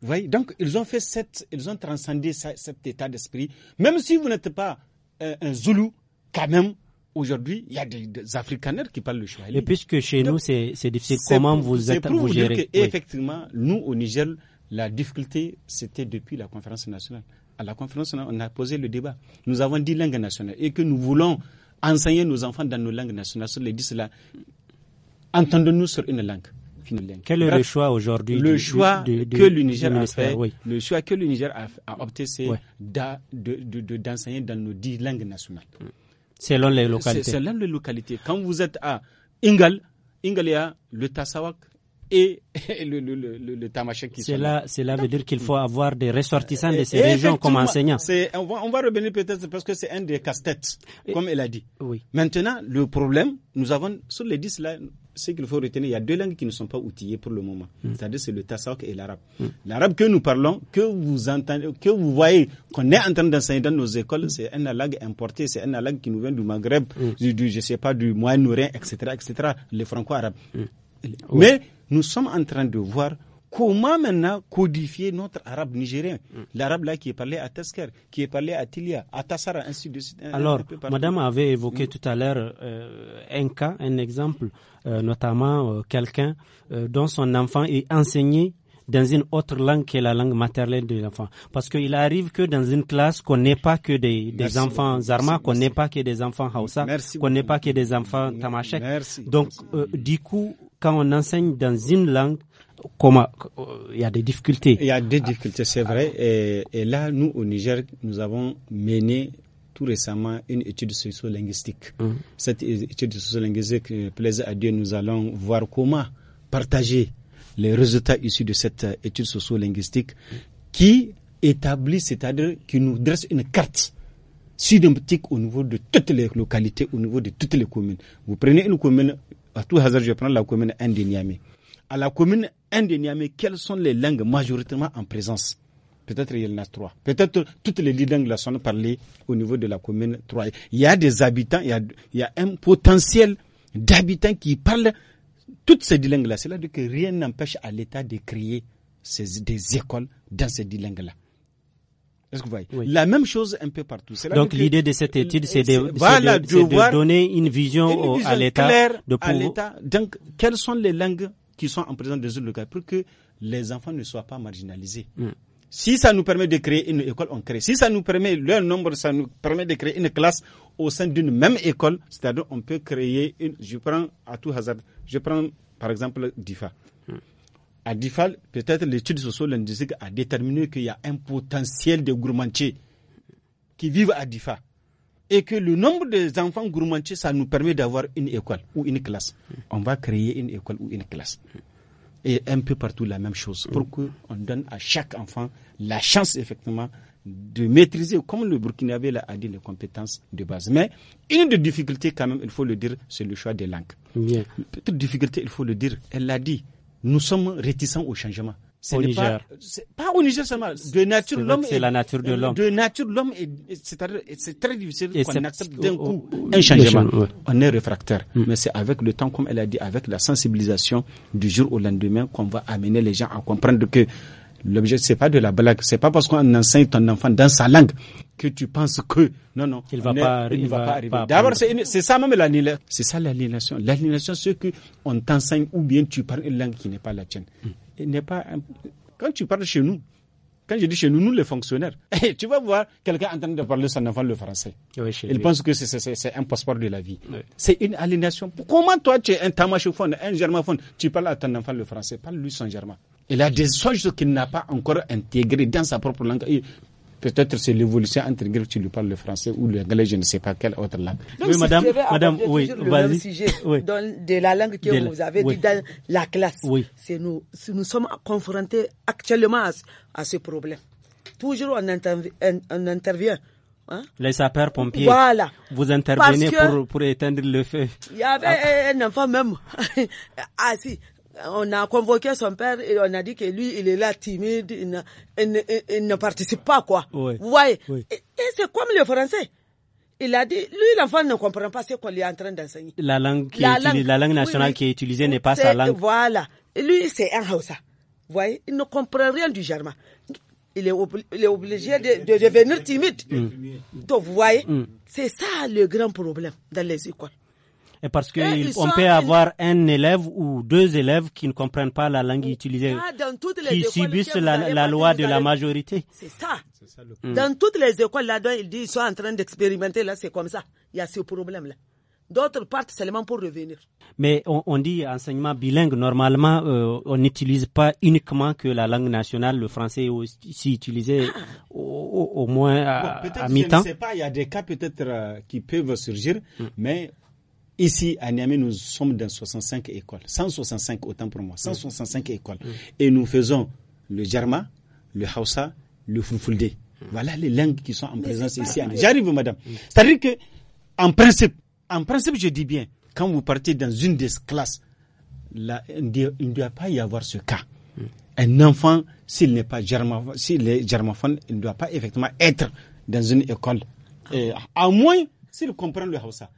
Vous voyez, donc ils ont fait cette, ils ont transcendé cet état d'esprit. Même si vous n'êtes pas euh, un Zoulou, quand même, aujourd'hui, il y a des, des Africaners qui parlent le Xhosa. Et puisque chez nous c'est difficile, comment vous êtes, vous gérez que, Effectivement, nous au Niger, la difficulté c'était depuis la conférence nationale. À la conférence, on a posé le débat. Nous avons dit langue nationale et que nous voulons enseigner nos enfants dans nos langues nationales sur les 10 là. Entendons-nous sur une langue. Quel est le choix aujourd'hui le, choix que le Niger a a, opté, c'est d'enseigner dans nos dix langues nationales. Selon les localités. Selon les localités. Quand vous êtes à Ingal, Ingal, le Tassawak, et le, le, qui cela, là. Cela veut dire qu'il faut hmm. avoir des ressortissants de ces régions comme enseignants. On va, on va revenir peut-être parce que c'est un des casse-têtes, comme elle a dit. Oui. Maintenant, le problème, nous avons, sur les 10 là, ce qu'il faut retenir, il y a deux langues qui ne sont pas outillées pour le moment. Hmm. C'est-à-dire c'est le Tassawk et l'arabe. Hmm. L'arabe que nous parlons, que vous entendez, que vous voyez, qu'on est en train d'enseigner dans nos écoles, c'est un langue importé, c'est un langue qui nous vient du Maghreb, du, je sais pas, du Moyen-Orient, etc., etc., les franco-arabes. Mais nous sommes en train de voir comment maintenant codifier notre arabe nigérien, mm. l'arabe là qui est parlé à Tesker, qui est parlé à Tilia, à Tassara, ainsi de suite. Alors, Madame avait évoqué mm. tout à l'heure euh, un cas, un exemple, euh, notamment euh, quelqu'un dont son enfant est enseigné dans une autre langue que la langue maternelle de l'enfant. Parce qu'il arrive que dans une classe, qu'on n'ait pas que des, enfants Zarma, qu'on n'ait pas que des enfants Hausa, qu'on n'ait pas que des enfants Tamachek. Donc, euh, du coup, quand on enseigne dans une langue, comment euh, il y a des difficultés. Il y a des difficultés, c'est vrai. Et, là, nous, au Niger, nous avons mené tout récemment une étude sociolinguistique. Hum. Cette étude sociolinguistique, plaise à Dieu, nous allons voir comment partager les résultats issus de cette euh, étude sociolinguistique qui établit, c'est-à-dire qui nous dresse une carte synoptique au niveau de toutes les localités, au niveau de toutes les communes. Vous prenez une commune, à tout hasard, je prends la commune Indéniamé. À la commune Indéniamé, quelles sont les langues majoritairement en présence Peut-être il y en a trois. Peut-être toutes les langues sont parlées au niveau de la commune 3. Il y a des habitants, il y a un potentiel d'habitants qui parlent toutes ces langues là Cela veut dire que rien n'empêche à l'État de créer des écoles dans ces langues là Est-ce que vous voyez La même chose un peu partout. Donc l'idée de cette étude, c'est de, euh, donner une vision, à l'État. De pour... Donc, quelles sont les langues qui sont en présence des autres locales pour que les enfants ne soient pas marginalisés hmm. Si ça nous permet de créer une école, on crée. Si ça nous permet, le nombre, ça nous permet de créer une classe, au sein d'une même école, c'est-à-dire on peut créer une. Je prends à tout hasard, je prends par exemple DIFA. Hmm. À DIFA, peut-être l'étude sociale linguistique a déterminé qu'il y a un potentiel de gourmandiers qui vivent à DIFA. Et que le nombre des enfants gourmandiers, ça nous permet d'avoir une école ou une classe. Hmm. On va créer une école ou une classe. Et un peu partout la même chose hmm. pour qu'on donne à chaque enfant la chance, effectivement, de maîtriser, comme le Burkina Burkinabé l'a dit, les compétences de base. Mais une des difficultés, quand même, il faut le dire, c'est le choix des langues. Bien. Petite difficulté, il faut le dire, elle l'a dit, nous sommes réticents au changement. Ce au Niger. Pas, au Niger seulement. De nature, l'homme. C'est la nature de l'homme. De nature, l'homme c'est très difficile qu'on accepte d'un coup un changement. On est réfractaire. Mm. Mais c'est avec le temps, comme elle a dit, avec la sensibilisation du jour au lendemain qu'on va amener les gens à comprendre que L'objet, c'est pas de la blague. C'est pas parce qu'on enseigne ton enfant dans sa langue que tu penses que non non il va, pas, il, va, pas arriver. D'abord c'est ça même l'aliénation. C'est ça l'aliénation. L'aliénation c'est que on t'enseigne ou bien tu parles une langue qui n'est pas la tienne. Hmm. n'est pas quand tu parles chez nous. Quand je dis chez nous, nous les fonctionnaires, eh, tu vas voir quelqu'un en train de parler son enfant le français. il pense que c'est un passeport de la vie. C'est une aliénation. Comment toi, tu es un tamachophone, un germaphone, tu parles à ton enfant le français Parle-lui son germain. Il a des choses qu'il n'a pas encore intégrées dans sa propre langue. Peut-être c'est l'évolution entre tu lui parles le français ou l'anglais, je ne sais pas quelle autre langue. oui, madame, madame, oui, le même sujet de la langue que vous avez dit dans la classe. Oui. C'est nous, nous sommes confrontés actuellement à, ce problème. Toujours on, intervient. Hein. Les sapeurs-pompiers. Voilà. Vous intervenez pour, éteindre le feu. Il y avait un enfant même assis. Ah, on a convoqué son père et on a dit que lui, il est là timide, il, ne, participe pas, quoi. Et, c'est comme le français. Il a dit, lui, l'enfant ne comprend pas ce qu'on lui est en train d'enseigner. La langue, la, langue nationale qui est utilisée n'est pas sa langue. Voilà. lui, c'est un Hausa. Vous voyez Il ne comprend rien du germain. Il est, obligé de, devenir timide. Mm. Donc, vous voyez, mm. c'est ça le grand problème dans les écoles. Et parce qu'on peut avoir un élève ou deux élèves qui ne comprennent pas la langue utilisée, ah, qui subissent la, loi de la majorité. C'est ça. Mm. Dans toutes les écoles, là, dedans ils disent qu'ils sont en train d'expérimenter, là, c'est comme ça. Il y a ce problème-là. D'autres partent seulement pour revenir. Mais on, dit enseignement bilingue. Normalement, euh, on n'utilise pas uniquement que la langue nationale. Le français est aussi utilisé ah. au, moins à, mi-temps. Je ne sais pas, il y a des cas peut-être euh, qui peuvent surgir, mm. mais Ici, à Niamey, nous sommes dans 65 écoles. 165, autant pour moi. 165 mm. écoles. Mm. Et nous faisons le Jarma, le Hausa, le Fulfulde. Mm. Voilà les langues qui sont en présence ici. J'arrive, madame. C'est-à-dire que, en principe, en principe, je dis bien, quand vous partez dans une des classes, il ne doit pas y avoir ce cas. Un enfant, s'il n'est pas germaphone, s'il est germaphone, il ne doit pas effectivement être dans une école. Ah. à moins s'il comprend le Hausa.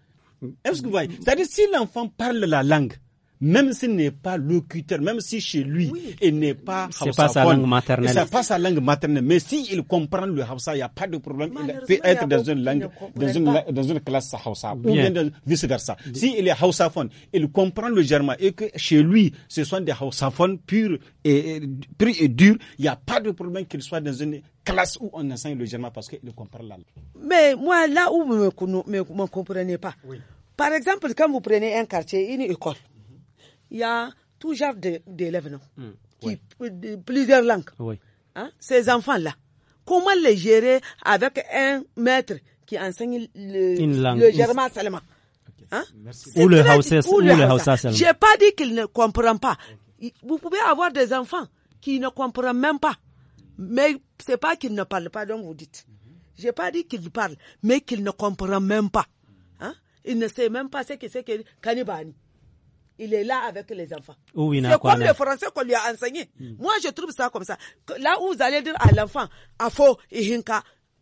Est-ce que vous voyez C'est-à-dire, si l'enfant parle la langue, même s'il n'est pas locuteur, même si chez lui, il n'est pas C'est pas sa langue maternelle. pas sa langue maternelle. Mais s'il comprend le Hausa, il n'y a pas de problème. Il peut être dans une langue, dans une, classe Hausa, ou vice versa. S'il est Hausaphone, il comprend le germain et que chez lui, ce sont des Hausaphones purs et, purs et durs, il n'y a pas de problème qu'il soit dans une classe où on enseigne le germain parce qu'il comprend la langue. Mais moi, là où vous ne me, comprenez pas, par exemple, quand vous prenez un quartier, une école, il y a tout genre d'élèves, non hmm, qui, de, Plusieurs langues. Hein? Ces enfants-là, comment les gérer avec un maître qui enseigne le, le germain seulement hein? Ou le Hausa seulement. Je n'ai pas dit qu'il ne comprend pas. Vous pouvez avoir des enfants qui ne comprennent même pas. Mais ce n'est pas qu'ils ne parlent pas, donc vous dites. Je n'ai pas dit qu'ils parlent, mais qu'ils ne comprennent même pas. Hein? Ils ne savent même pas ce que c'est que Kanibani il est là avec les enfants. c'est comme le français qu'on lui a enseigné. Hmm. Moi, je trouve ça comme ça. Là où vous allez dire à l'enfant, Afo et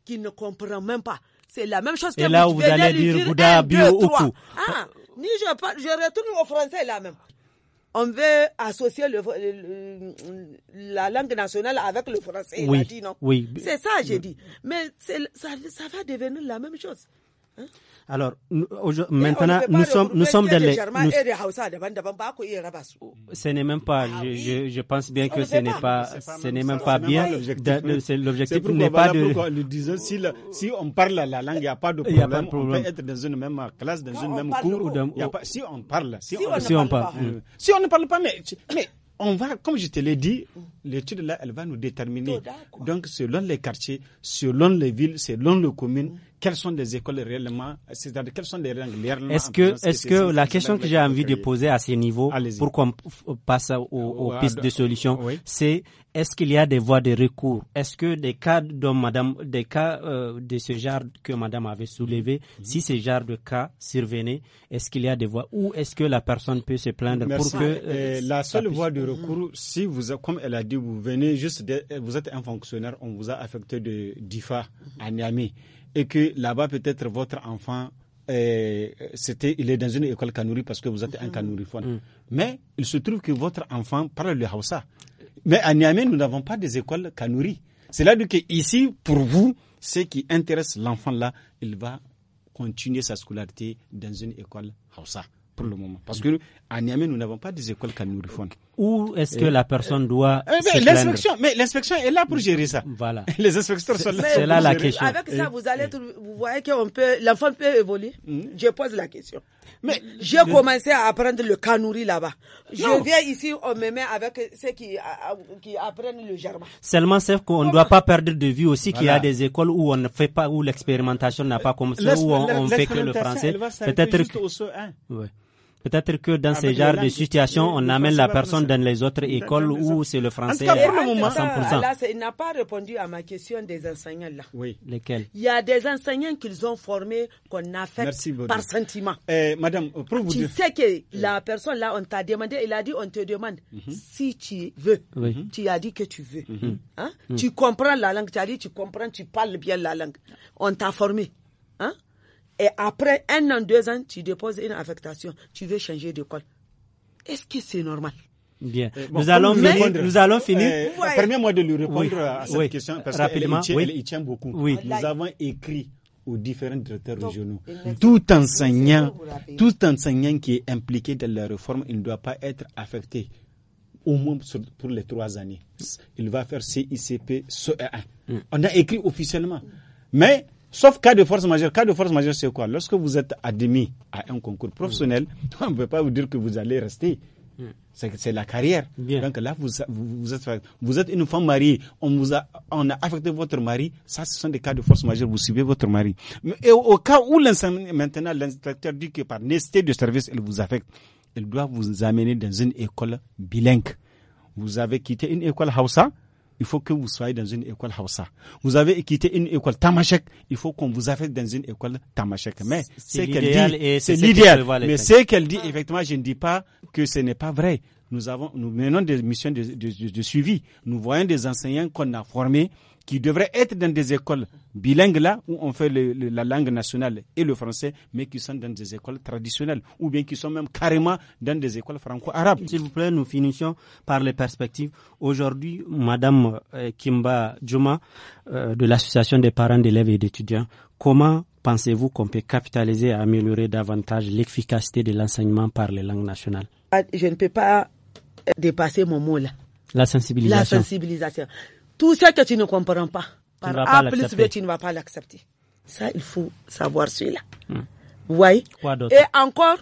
qui ne comprend même pas. C'est la même chose que là vous, où vous allez dire, Bouddha, Bio, trois. Ah, ni je, je retourne au français là même. On veut associer le, la langue nationale avec le français. Oui, dit, non oui. C'est ça, j'ai dit. Mais ça, ça va devenir la même chose. Hein? Alors, eh, maintenant, nous sommes, nous sommes dans les. Ce n'est même pas, ah je, je, pense bien que ce n'est pas, ce n'est même pas bien. L'objectif n'est pas de. si, on parle la langue, il n'y a pas de problème. On peut être dans une même classe, dans une même cour. Si on parle, si on parle. Euh, si on ne parle pas, mais on va, comme je te l'ai dit, l'étude là, elle va nous déterminer. Donc, selon les quartiers, selon les villes, selon les communes quelles sont les écoles réellement, c'est-à-dire quelles sont les règles réellement. Est-ce que, est-ce que, la question que j'ai envie de poser à ce niveau, pour qu'on passe aux, pistes de solution, c'est est-ce qu'il y a des voies de recours Est-ce que des cas dont madame, des cas euh, de ce genre que madame avait soulevé, mhm. si ce genre de cas survenait, est-ce qu'il y a des voies Ou est-ce que la personne peut se plaindre pour que. Euh, la seule voie de mhm. recours, si vous, comme elle a dit, vous venez juste, vous êtes un fonctionnaire, on vous a affecté de DIFA à Niamey et que là-bas, peut-être votre enfant, euh, c'était, il est dans une école kanouri parce que vous êtes un kanouriphone. Mm-hmm. Mm. Mais il se trouve que votre enfant parle le Hausa. Mais à Niamey, nous n'avons pas des écoles kanouri. C'est là que ici, pour vous, ce qui intéresse l'enfant là, il va continuer sa scolarité dans une école Hausa pour le moment. Parce que à Niamey, nous n'avons pas des écoles kanouriphones. Où est-ce que la personne euh, doit eh, l'inspection mais l'inspection est là pour gérer ça voilà les inspecteurs sont là c'est là la question avec ça vous allez vous voyez que peut l'enfant peut évoluer hmm. je pose la question mais j'ai commencé à apprendre le kanouri là-bas je viens ici on me met avec ceux qui, qui apprennent le germain seulement c'est qu'on ne doit pas perdre de vue aussi qu'il y a des écoles où on ne fait pas où l'expérimentation n'a pas commencé où on, fait que le français peut-être Peut-être que dans ah, ce genre de situation, on amène la personne dans les autres écoles où c'est le français à 100%. Ah, il n'a pas répondu à ma question des enseignants là. Oui. Lesquels Il y a des enseignants qu'ils ont formés qu'on affecte par sentiment. Eh, madame, euh, pour tu sais que eh. la personne là, on t'a demandé, il a dit on te demande mhm. si tu veux. Mhm. Tu as dit que tu veux. Mhm. Hein? Tu comprends la langue, tu as dit tu comprends, tu parles bien la langue. On t'a formé. Hein? Et après un an, deux ans, tu déposes une affectation, tu veux changer d'école. Est-ce que c'est normal Bien. Euh, nous, allons nous allons finir. Euh, permets-moi de lui répondre à cette question parce rapidement, Il tient, beaucoup. Nous avons écrit aux différents directeurs régionaux. Tout enseignant, tout enseignant qui est impliqué dans la réforme, il ne doit pas être affecté au moins pour les trois années. Il va faire CICP, ce mm. On a écrit officiellement. Mais Sauf cas de force majeure. Cas de force majeure, c'est quoi Lorsque vous êtes admis à un concours professionnel, on ne peut pas vous dire que vous allez rester. C'est la carrière. Bien. Donc là, vous, vous, êtes, vous êtes une femme mariée, on, vous a, on a affecté votre mari, ça, ce sont des cas de force majeure, vous suivez votre mari. Et au, cas où maintenant l'inspecteur dit que par nécessité de service, il vous affecte, il doit vous amener dans une école bilingue. Vous avez quitté une école Hausa, il faut que vous soyez dans une école Hausa. Vous avez quitté une école Tamashek, il faut qu'on vous affecte dans une école Tamashek. Mais c'est qu'elle dit, c'est l'idéal. Mais c'est qu'elle dit, effectivement, je ne dis pas que ce n'est pas vrai. Nous avons, nous menons des missions de suivi. Nous voyons des enseignants qu'on a formés qui devraient être dans des écoles bilingues là, où on fait la langue nationale et le français, mais qui sont dans des écoles traditionnelles, ou bien qui sont même carrément dans des écoles franco-arabes. S'il vous plaît, nous finissons par les perspectives. Aujourd'hui, Madame euh, Kimba Juma, euh, de l'Association des parents d'élèves et d'étudiants, comment pensez-vous qu'on peut capitaliser et améliorer davantage l'efficacité de l'enseignement par les langues nationales ah, Je ne peux pas euh, dépasser mon mot là. La sensibilisation. La sensibilisation. Tout ce que tu ne comprends pas, par A plus B, tu ne vas pas l'accepter. Ça, il faut savoir celui-là. Hmm. Et encore,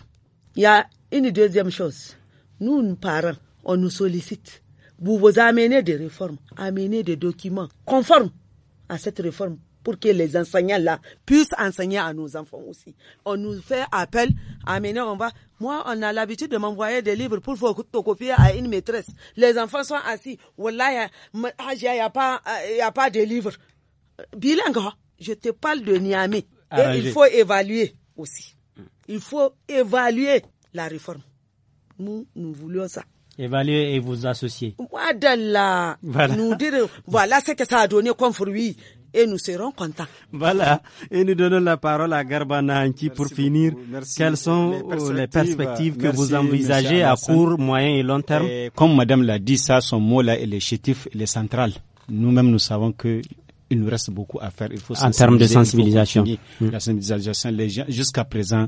il y a une deuxième chose. Nous, nos parents, on nous sollicite. Vous vous amenez des réformes, amenez des documents conformes à cette réforme pour que les enseignants là puissent enseigner à nos enfants aussi. On nous fait appel, à on va. Moi, on a l'habitude de m'envoyer des livres pour photocopier à une maîtresse. Les enfants sont assis. voilà il n'y a, pas, euh, a pas de livres. Bilingue, hein. je te parle de Niamey. Et ah, il faut évaluer aussi. Il faut évaluer la réforme. Nous, nous voulions ça évaluer et vous associer. Voilà. Nous dire, voilà ce que ça a donné comme fruit et nous serons contents. Voilà, et nous donnons la parole à Garba Nahanti pour finir. Quelles sont les euh, perspectives, que vous envisagez à court, moyen et long terme Comme Madame l'a dit, ça, son mot-là, est chétif, il est central. Nous-mêmes, nous savons que il nous reste beaucoup à faire. Il faut en termes de sensibilisation, mm. la sensibilisation, gens jusqu'à présent,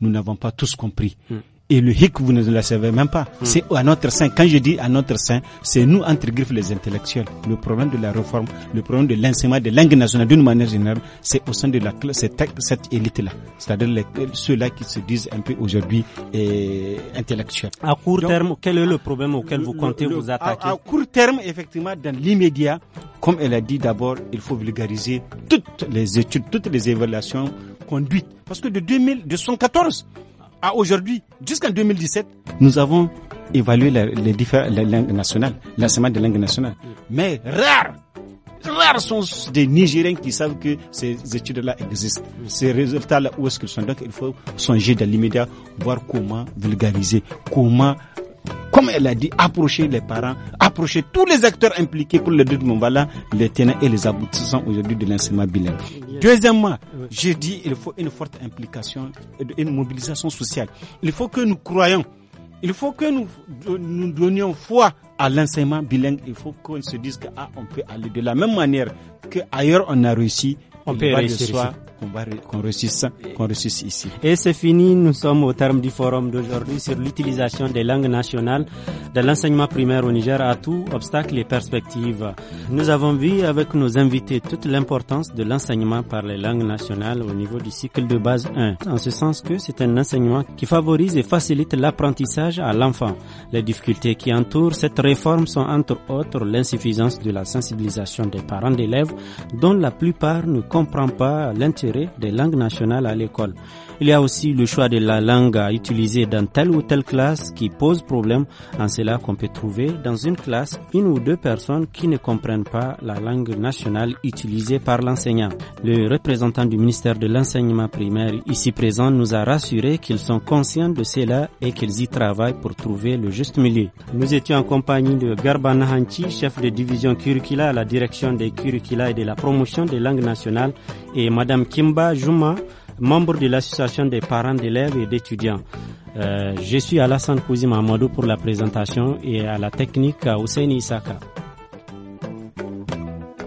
nous n'avons pas tous compris. Mm et le hic, vous ne le savez même pas. Hmm. C'est à notre sein. Quand je dis à notre sein, c'est nous, entre griffes, les intellectuels. Le problème de la réforme, le problème de l'enseignement de langues nationales, d'une manière générale, c'est au sein de la, cette, cette élite-là. C'est-à-dire ceux-là qui se disent un peu aujourd'hui euh, intellectuels. À court terme, quel est le problème auquel vous comptez vous attaquer à, court terme, effectivement, dans l'immédiat, comme elle a dit d'abord, il faut vulgariser toutes les études, toutes les évaluations conduites. Parce que de 2000, de 2014, à aujourd'hui, jusqu'en 2017, nous avons évalué les différentes langues nationales, l'enseignement des langues nationales. Mais rares, rares sont des Nigériens qui savent que ces études-là existent. Ces résultats-là, où est-ce qu'ils sont Donc, il faut songer dans l'immédiat, voir comment vulgariser, comment comme elle a dit, approcher les parents, approcher tous les acteurs impliqués pour le développement. Voilà les tenants et les aboutissants aujourd'hui de l'enseignement bilingue. Deuxièmement, je dis il faut une forte implication, une mobilisation sociale. Il faut que nous croyons, il faut que nous, nous donnions foi à l'enseignement bilingue. Il faut qu'on se dise qu'on ah, peut aller de la même manière qu'ailleurs on a réussi on peut réussir ici. Et c'est fini, nous sommes au terme du forum d'aujourd'hui sur l'utilisation des langues nationales de l'enseignement primaire au Niger à tout obstacle et perspectives. Nous avons vu avec nos invités toute l'importance de l'enseignement par les langues nationales au niveau du cycle de base 1, en ce sens que c'est un enseignement qui favorise et facilite l'apprentissage à l'enfant. Les difficultés qui entourent cette réforme sont entre autres l'insuffisance de la sensibilisation des parents d'élèves, dont la plupart ne comprend pas l'intérêt des langues nationales à l'école. Il y a aussi le choix de la langue à utiliser dans telle ou telle classe qui pose problème. En cela qu'on peut trouver dans une classe une ou deux personnes qui ne comprennent pas la langue nationale utilisée par l'enseignant. Le représentant du ministère de l'enseignement primaire ici présent nous a rassuré qu'ils sont conscients de cela et qu'ils y travaillent pour trouver le juste milieu. Nous étions en compagnie de Garba chef de division curricula à la direction des curricula et de la promotion des langues nationales et Madame Kimba Juma, membre de l'association des parents d'élèves et d'étudiants. Euh, je suis à Alassane Kouzi Mamadou pour la présentation et à la technique à Hussein Isaka.